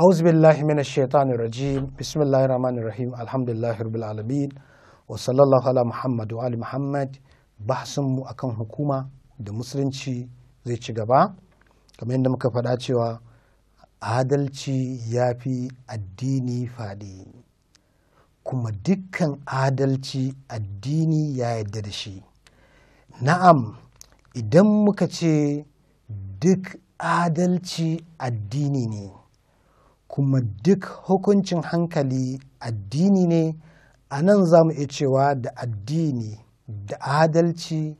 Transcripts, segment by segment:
أعوذ بالله من الشيطان الرجيم بسم الله الرحمن الرحيم الحمد لله رب العالمين وصلى الله على محمد وعلى محمد bahasinmu a kan hukuma da musulunci zai ci gaba kamar yadda muka faɗa cewa adalci ya fi addini faɗi kuma dukkan adalci addini ya yarda da shi na'am idan muka ce duk adalci addini ne kuma duk hukuncin hankali addini ne a nan za mu iya cewa da addini da adalci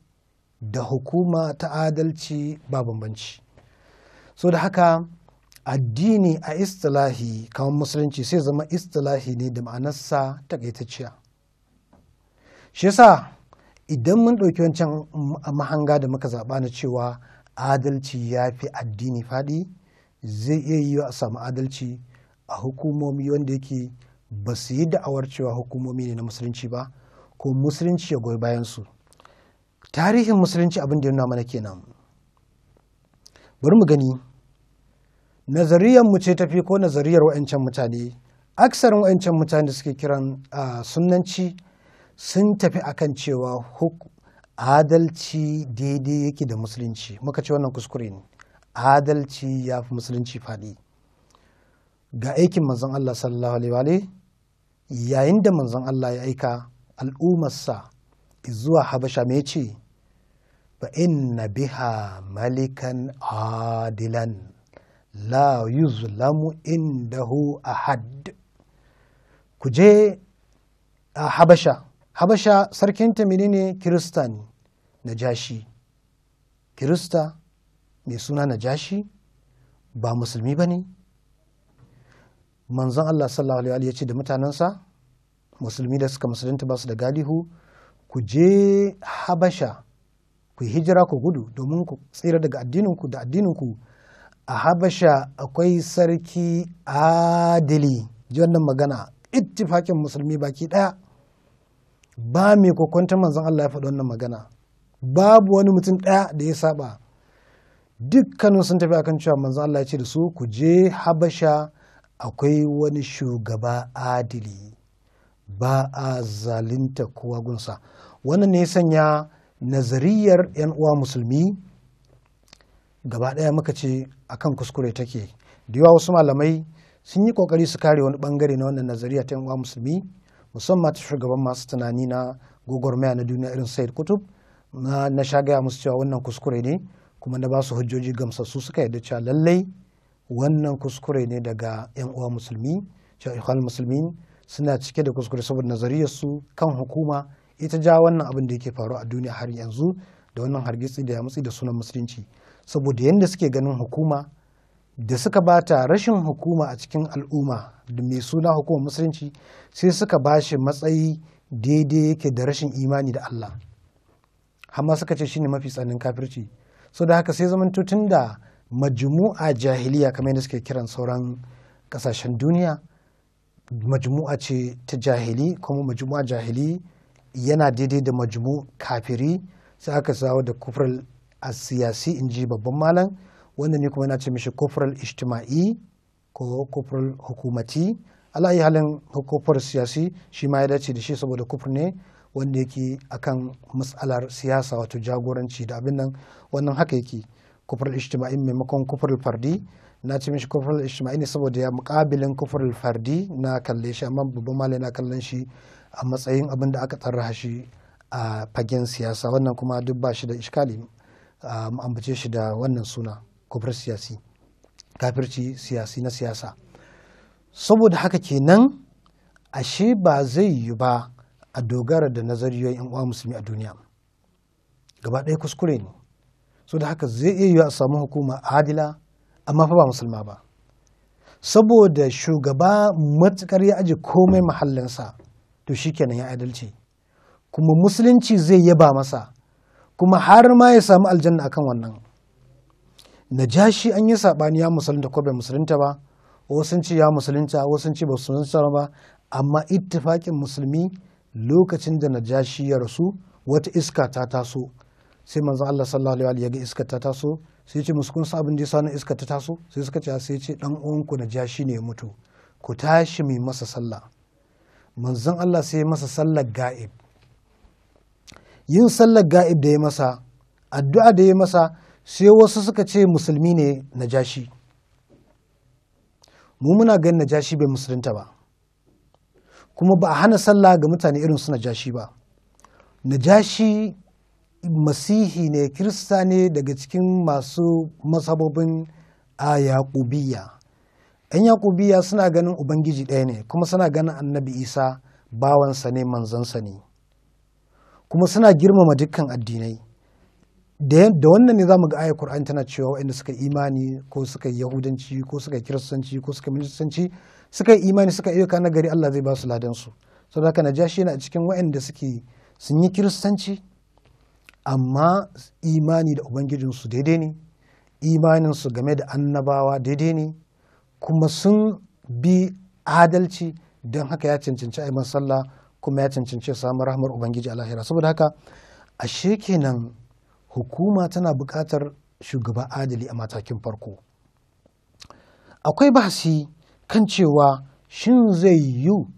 da hukuma ta adalci ba bambanci so da haka addini a istilahi kamar musulunci sai zama istilahi ne da ma'anarsa ta takaitacciya shi yasa idan mun ɗauki wancan mahanga da muka zaɓa na cewa adalci ya fi addini faɗi zai iya yiwa a samu adalci a hukumomi wanda yake ba su yi da'awar cewa hukumomi ne na musulunci ba ko musulunci ya goyi bayan su tarihin musulunci abin da ya nuna mana kenan bari mu gani nazariyar mu ce tafi ko nazariyar wa'ancan mutane aksarin wa'ancan mutane suke kiran sunanci sun tafi akan cewa adalci daidai yake da musulunci muka ce wannan kuskure ne adalci ya fi musulunci faɗi ga aikin manzon Allah sallallahu alaihi yayin da manzon Allah ya aika al'ummarsa zuwa habasha mai ce ba inna biha malikan adilan la yuzlamu indahu ahad ku je a habasha habasha sarkinta menene kirista ne najashi kirista mai suna najashi ba musulmi ba ne manzon Allah sallallahu alaihi ya ce da mutanensa musulmi da suka musulunta ba su da galihu ku je habasha ku hijira ku gudu domin ku tsira daga addininku da addininku a habasha akwai sarki adili ji wannan magana ittifakin musulmi baki ɗaya ba mai kokonta manzon Allah ya faɗi wannan magana babu wani mutum ɗaya da ya saba dukkanin sun tafi akan cewa manzon Allah ya ce da su ku je habasha akwai wani shugaba adili ba a zalinta kowa gunsa wannan ne sanya nazariyar 'yan uwa musulmi gaba ɗaya muka ce akan kuskure take da yawa wasu malamai sun yi kokari su kare wani bangare na wannan nazariya ta 'yan uwa musulmi musamman ta shugaban masu tunani na gwagwarmaya na duniya irin said kutub na shagaya musu cewa wannan kuskure ne kuma na ba su hujjoji gamsassu suka yarda cewa lallai wannan kuskure ne daga 'yan uwa musulmi shaikhal musulmi suna cike da kuskure saboda nazariyarsu kan hukuma ita ja wannan abin da yake faru a duniya har yanzu da wannan hargitsi da ya mutsi da sunan musulunci saboda yadda suke ganin hukuma da suka bata rashin hukuma a cikin al'umma da mai suna hukumar musulunci sai suka ba shi matsayi daidai yake da rashin imani da Allah amma suka ce shine mafi tsanin kafirci so da haka sai zaman tun da majmu'a jahiliya kamar yadda suke kiran sauran kasashen duniya majmu'a ce ta jahili kuma majmu'a jahili yana daidai da majmu kafiri sai aka sawa da kufral a siyasi in ji babban malam wanda ni kuma yana ce mishi kufral istima'i ko kufral hukumati yi halin kufral siyasi shi ma ya dace da shi saboda kufr ne wanda yake akan matsalar siyasa wato jagoranci da abin nan wannan haka yake kufrul ijtima'i maimakon kufrul fardi na ce mishi kufrul ijtima'i ne saboda ya mukabilin kufrul fardi na kalle shi amma babban malami na kallon shi a matsayin abin da aka tsara shi a fagen siyasa wannan kuma duk ba shi da iskali mu ambace shi da wannan suna kufur siyasi kafirci siyasi na siyasa saboda haka kenan ashe ba zai yi ba a dogara da nazariyoyin uwa musulmi a duniya gaba ɗaya kuskure ne so da haka zai iya yiwa a samu hukuma adila amma fa ba musulma ba saboda shugaba matukar ya aji komai mahallinsa to shikenan ya adalci kuma musulunci zai yaba masa kuma har ma ya samu aljanna akan wannan najashi an yi saɓani ya musulunta ko bai musulunta ba wasu ce ya musulunta wasu ce ba su musulunta ba amma ittifakin musulmi lokacin da najashi ya rasu wata iska ta taso sai manzo Allah sallallahu alaihi wa ga iskar ta taso sai ce musu kun san abin da na iskar ta taso sai suka ce ah, sai ce dan uwanku na jashi ne ya mutu ku tashi mai masa sallah manzon Allah sai masa sallar ga'ib yin sallar ga'ib da ya masa addu'a da ya masa sai wasu suka ce musulmi ne na jashi mu muna ganin najashi bai musulunta ba kuma ba a hana sallah ga mutane irin su najashi ba najashi masihi ne kirista ne daga cikin masu masababin a yaƙubiya yan yakubiya suna ganin ubangiji ɗaya ne kuma suna ganin annabi isa bawansa ne manzansa ne kuma suna girmama dukkan addinai da wannan ne zamu ga ayar Kur'an tana cewa waɗanda suka imani ko suka yahudanci ko suka kiristanci ko suka suka yi imani suka ayyuka na gari Allah zai ba su ladan su saboda haka najashi yana cikin waɗanda suke sun yi kiristanci amma imani da ubangijinsu daidai ne imaninsu game da annabawa daidai ne kuma sun bi adalci don haka ya cancanci a sallah kuma ya cancanci samun rahmar ubangiji a saboda haka ashe kenan hukuma tana bukatar shugaba adali a matakin farko akwai bahasi kan cewa shin zai yiwu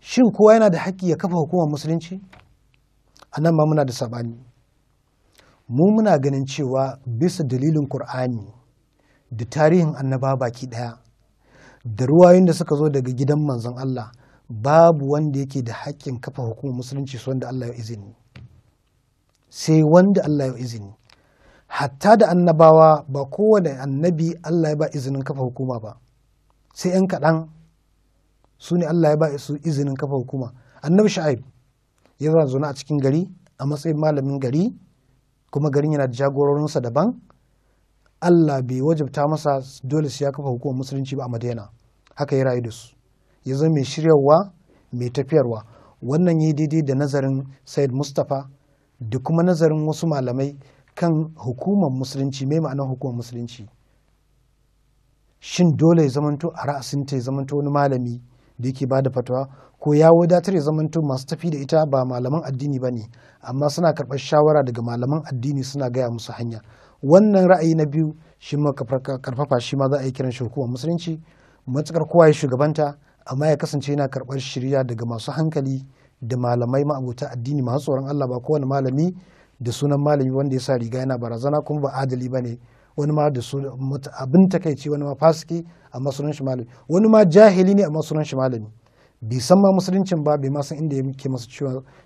shin kowa yana da haƙƙi ya kafa hukumar musulunci a nan ma muna da saɓani mu muna ganin cewa bisa dalilin ƙur'ani da tarihin annaba baki ɗaya da ruwayoyin da suka zo daga gidan manzon Allah babu wanda yake da haƙƙin kafa hukumar musulunci su wanda Allah ya izini sai wanda Allah ya izini hatta da annabawa ba kowane annabi Allah ya ba izinin kafa hukuma ba sai 'yan kaɗan su ne Allah ya ba su izinin kafa hukuma annabi sha'ib yana zaune a cikin gari a matsayin malamin gari kuma garin yana da jagororinsa daban Allah bai wajabta masa dole sai ya kafa hukumar musulunci ba a Madina haka ya rayu da su ya zama mai shiryawa mai tafiyarwa wannan ya daidai da nazarin Said Mustapha da kuma nazarin wasu malamai kan hukumar musulunci mai ma'anar hukumar musulunci shin dole ya zamanto a ra'asinta ya zamanto wani malami da yake ba da fatawa ko ya wadatar ya zamanto masu tafi da ita ba malaman addini ba ne amma suna karɓar shawara daga malaman addini suna gaya musu hanya wannan ra'ayi na biyu shi ma karfafa shi ma za a yi kiran shi hukumar musulunci matukar kowa ya shugabanta amma ya kasance yana karɓar shirya daga masu hankali da malamai abota addini masu tsoron Allah ba kowane malami da sunan malami wanda ya sa riga yana barazana kuma ba adali ba ne wani ma da abin takaici wani ma fasiki a wani ma jahili ne a sunan malami bai san ma musuluncin ba bai ma san inda yake masa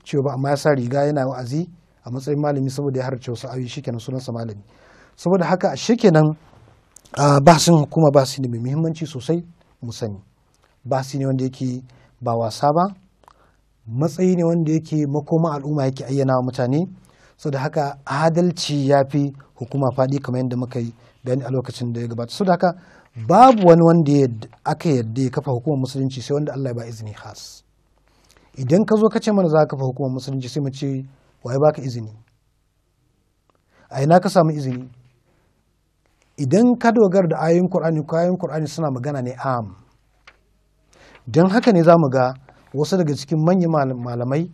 ciwo ba amma ya sa riga yana wa'azi a matsayin malami saboda ya harce wasu ayoyi shikenan sunansa malami saboda haka a shikenan bahasin hukuma ba su ne mai muhimmanci sosai mu sani ba bahasi ne wanda yake ba wasa ba matsayi ne wanda yake makoma al'umma yake ayyana wa mutane so da haka adalci ya fi hukuma faɗi kamar yadda muka yi bayani a lokacin da ya gabata so da haka babu wani wanda aka yadda ya kafa hukumar musulunci sai wanda Allah ya ba izini has idan ka zo ka ce mana za ka kafa hukumar musulunci sai mu ce waye baka izini a ina ka samu izini idan ka dogara da ayoyin Qur'ani ko ayoyin Qur'ani suna magana ne am dan haka ne za mu ga wasu daga cikin manyan malamai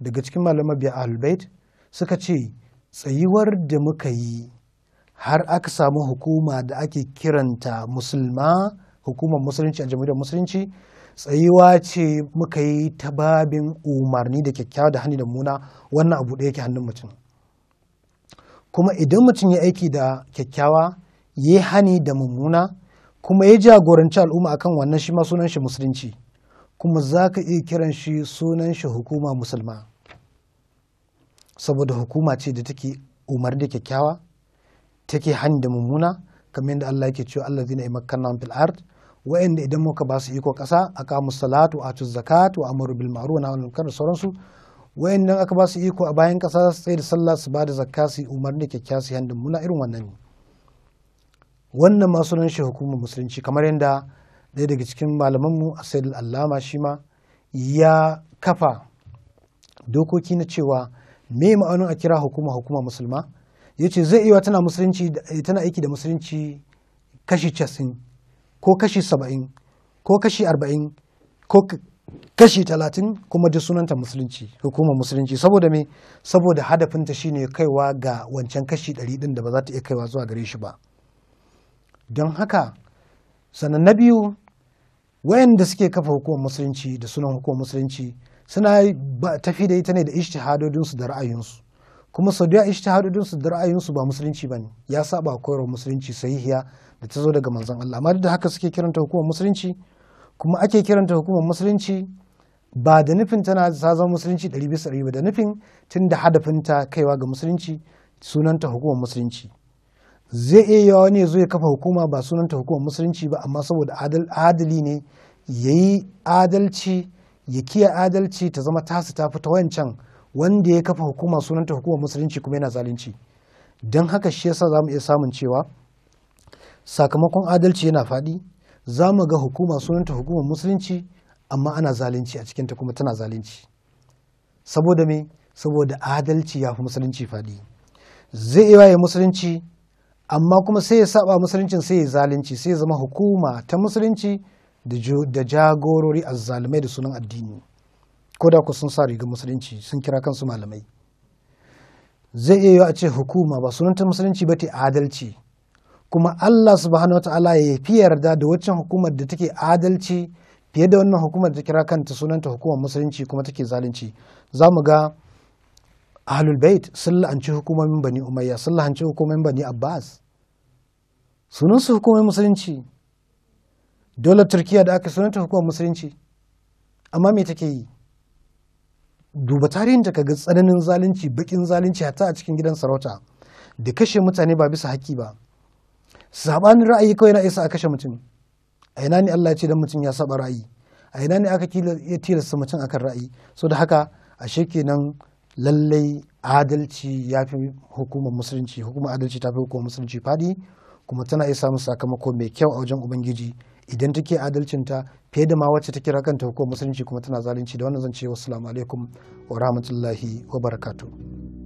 daga cikin malamai biya ahlul bait suka ce tsayuwar da muka yi har aka samu hukuma da ake kiranta musulma hukumar musulunci a jamhuriyar musulunci tsayuwa ce muka yi ta babin umarni da kyakkyawa da hannu da muna wannan abu da yake hannun mutum kuma idan mutum ya aiki da kyakkyawa ya yi hani da mummuna kuma ya jagoranci al'umma akan wannan shi ma sunan shi musulunci kuma za ka iya kiran shi sunan shi hukuma musulma saboda hukuma ce da take umar da kyakkyawa take hanyar da mummuna kamar yadda Allah yake cewa Allah zina imakkanna fil ard wa'anda idan muka ba su iko kasa aqamu salatu atu zakatu a amaru bil ma'ruf wa nahyu anil sauransu wa'annan aka ba su iko a bayan kasa sai da sallah su ba da zakka su umar da kyakkyawa su hanyar muna irin wannan ne wannan ma sunan shi hukumar musulunci kamar yadda ɗaya daga cikin malamanmu a sayar allama shi ma ya kafa dokoki na cewa me ma'anin a kira hukuma hukuma musulma ya ce zai iya tana musulunci tana aiki da musulunci kashi casin ko kashi saba'in ko kashi arba'in ko kashi talatin kuma da sunanta musulunci hukumar musulunci saboda me saboda hadafinta shine kaiwa ga wancan kashi ɗari ɗin da ba za ta iya kaiwa zuwa gare shi ba don haka sannan na biyu wayanda suke kafa hukumar musulunci da sunan hukumar musulunci suna tafi da ita ne da ishtihadodinsu da ra'ayinsu kuma sau da ishtihadodinsu da ra'ayinsu ba musulunci ba ne ya saba koyarwa musulunci sahihiya da ta zo daga manzan Allah amma duk da haka suke kiranta hukumar musulunci kuma ake kiranta hukumar musulunci ba da nufin tana ta zama musulunci ɗari bisa ɗari ba da nufin tun da hadafinta kaiwa ga musulunci sunanta hukumar musulunci zai iya yawa wani ya zo ya kafa hukuma ba sunanta hukumar musulunci ba amma saboda adali ne ya yi adalci ya kiya adalci ta zama tasu ta fita wancan wanda ya kafa hukuma sunanta hukumar musulunci kuma yana zalunci don haka shi yasa za mu iya samun cewa sakamakon adalci yana faɗi za mu ga hukuma sunanta hukumar musulunci amma ana zalunci a cikinta kuma tana zalunci saboda me saboda adalci ya fi musulunci faɗi zai iya ya musulunci amma kuma sai ya saba musuluncin sai ya zalunci sai ya zama hukuma ta musulunci da jagorori azzalumai da sunan addini ko da ku sun sa riga musulunci sun kira kansu malamai zai iya yiwu a ce hukuma ba sunanta musulunci ba ta adalci kuma Allah subhanahu wa ta'ala ya fi yarda da waccan hukumar da take adalci fiye da wannan hukumar da kira kanta sunanta hukumar musulunci kuma take zalunci za mu ga ahlul bait sun la'anci hukumomin bani umayya sun la'anci hukumomin bani abbas Sunan su hukumomin musulunci dole turkiya da aka sunanta hukumar musulunci amma me take yi duba tarihin tarihinta kaga tsananin zalunci bakin zalunci hatta a cikin gidan sarauta da kashe mutane ba bisa haƙƙi ba sabanin ra'ayi kawai na isa a kashe mutum a ina ne Allah ya ce dan mutum ya saba ra'ayi a ina ne aka ya tilasta mutum akan ra'ayi so da haka ashe kenan lallai adalci ya fi hukumar musulunci hukumar adalci ta fi hukumar musulunci fadi kuma tana isa samun sakamako mai kyau a wajen ubangiji idan take adalcinta fiye da ma wacce ta kira kanta ko musulunci kuma tana zalunci da wannan zan ce wasu alaikum wa rahmatullahi wa barakatuh